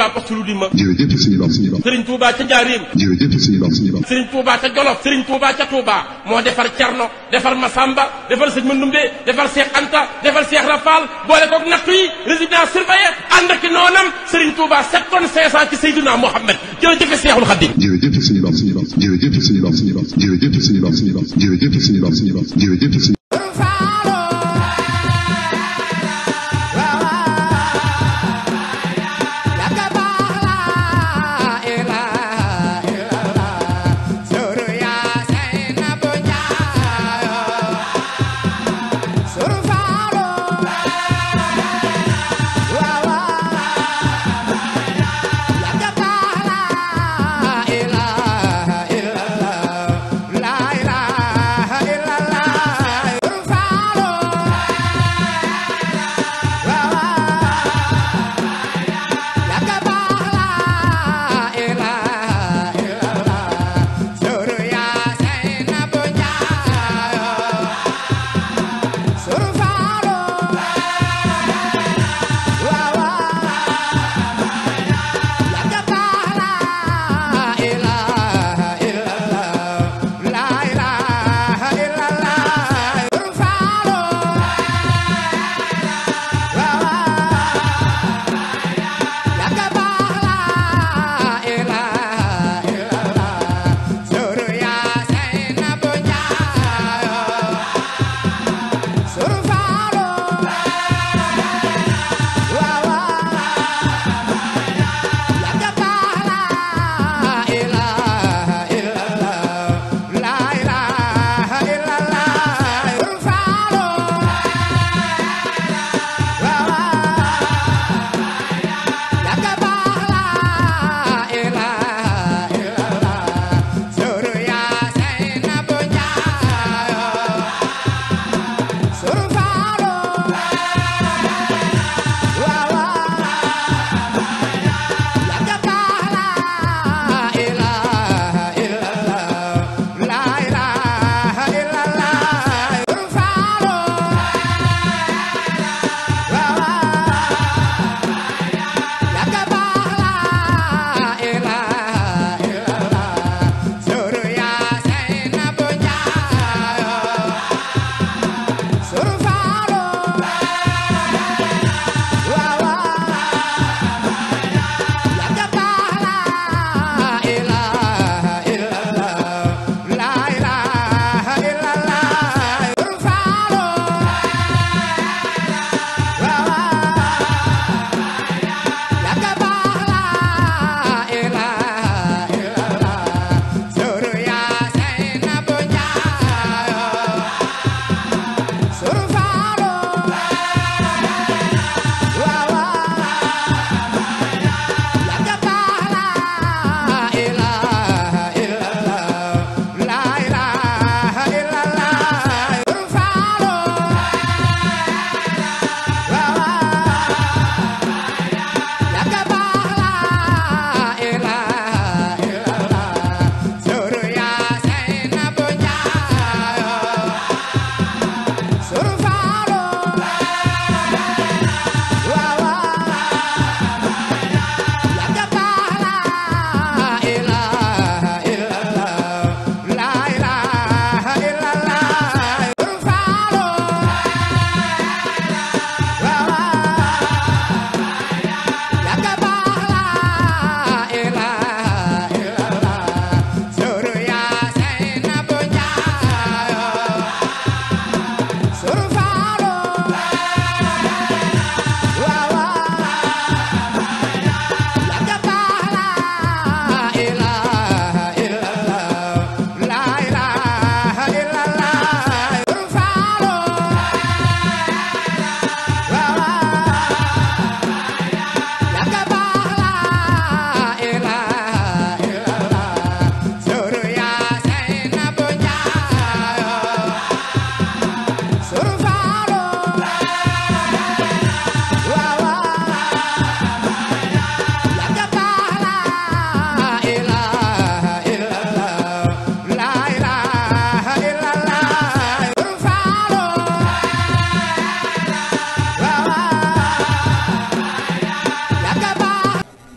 Touba Bastulu di ma. jërëjëf sëñ Ba sëñ Ba. Serigne Touba ca Njaaréem. jërëjëf sëñ Ba sëñ Ba. Serigne defar Cerno defar Masamba defar sëñ Mandumbe defar Cheikh Anta defar Cheikh Rafal boole koog nattu yi résidence surveillée ànd ak noonam Serigne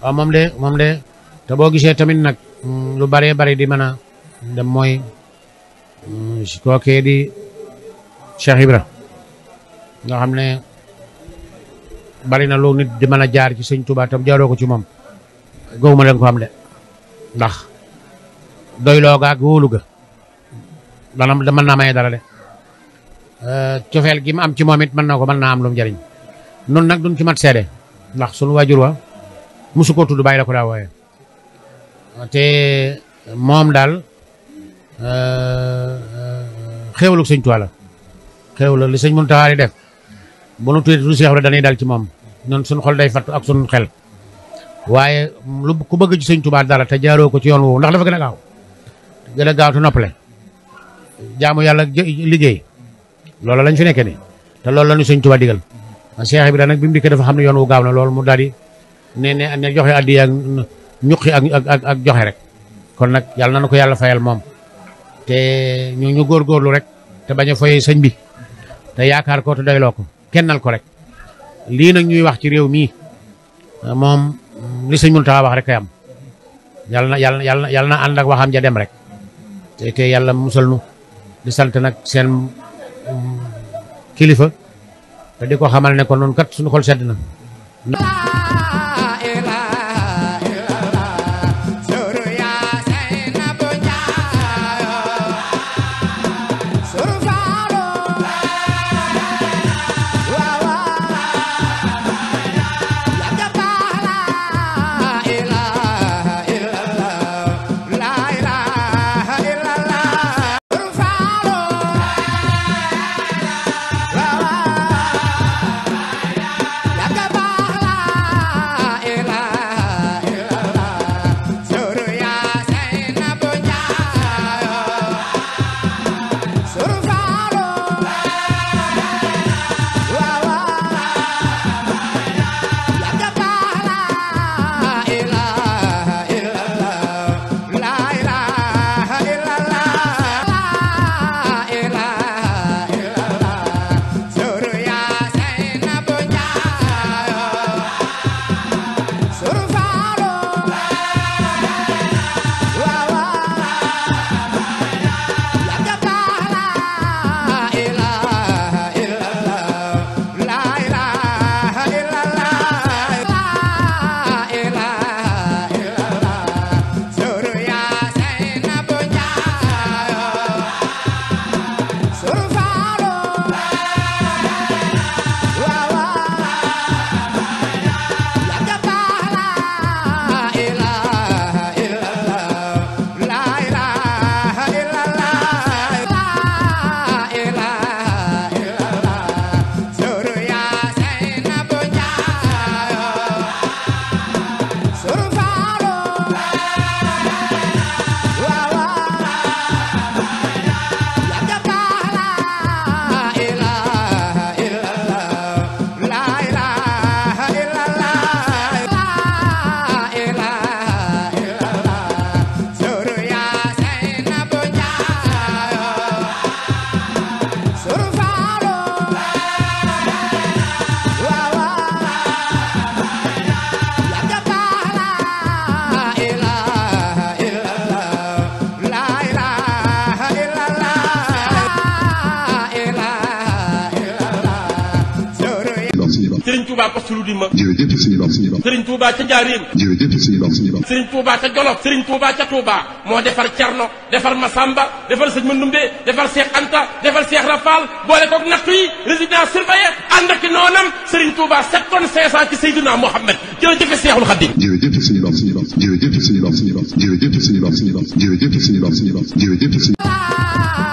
waaw moom de moom de te boo gisee tamit nag mm, lu baree bari di mën a dem mooy mm, kookee di Cheikh Ibra nga xam ne bari na lu nit di mën a jaar ci sëñ Touba tam jaaroo ko ci moom góobu ma leen ko am de ndax doyloo ga ak wóolu ga dana mën naa may dara de euh, cofeel gim am ci moom it mën na ko mën naa am lu mu jariñ nun nag duñ ci mat seede ndax sunu waajur wa musu koo tudd bàyyi la ko daa wooye te moom daal euh, euh, xéewalug sëñ Tuubaa la xéewal li sëñ Muntaxa di def bu nu tuddee tudd Seex Ibra dañuy daal ci moom ñun suñ xol day fatt ak suñ xel waaye lu ku bëgg ci sëñ Tuubaa dara te jaaroo ko ci yoon woowu ndax dafa gën a gaaw gën a le te noppale jaamu yàlla liggéey loolu lañ fi nekkee nii te loolu la nu sëñ Tuubaa digal Seex Ibra nag bi mu dikkee dafa xam ne yoon wu gaaw na loolu mu daal ne ne joxe addi ak ñuqi ak joxe rek kon nag yàlla na ko yàlla fayal moom te ñu góor góorlu rek te bañ a foyee sëñ bi te yaakaar ko te doyloo ko kennal ko rek lii nag ñuy wax ci réew mii moom li sëñ Muntaxa wax rek kay am yàlla na yàlla na yàlla na ànd ak waxam ja dem rek te yàlla musal nu di sant nag seen mm, kilifa te di ko xamal ne ko noonu kat suñu xol sedd na. Touba postulu di ma jërëjëf suñu borom suñu borom Serigne Touba ca Njaaréem jërëjëf suñu borom suñu borom Serigne Touba ca Jolof Serigne Touba ca Touba moo defar Cerno defar Masamba defar sëñ Mandumbe defar Seex Anta defar Seex Rafal boole kook nattu yi résidence surveillée ànd ak noonam Serigne Touba sept tonnes cinq cent ci Seydina Mouhamed jërëjëf Seexul Xadim jërëjëf suñu borom suñu borom jërëjëf suñu borom suñu borom jërëjëf suñu borom suñu borom jërëjëf suñu borom suñu borom jërëjëf suñu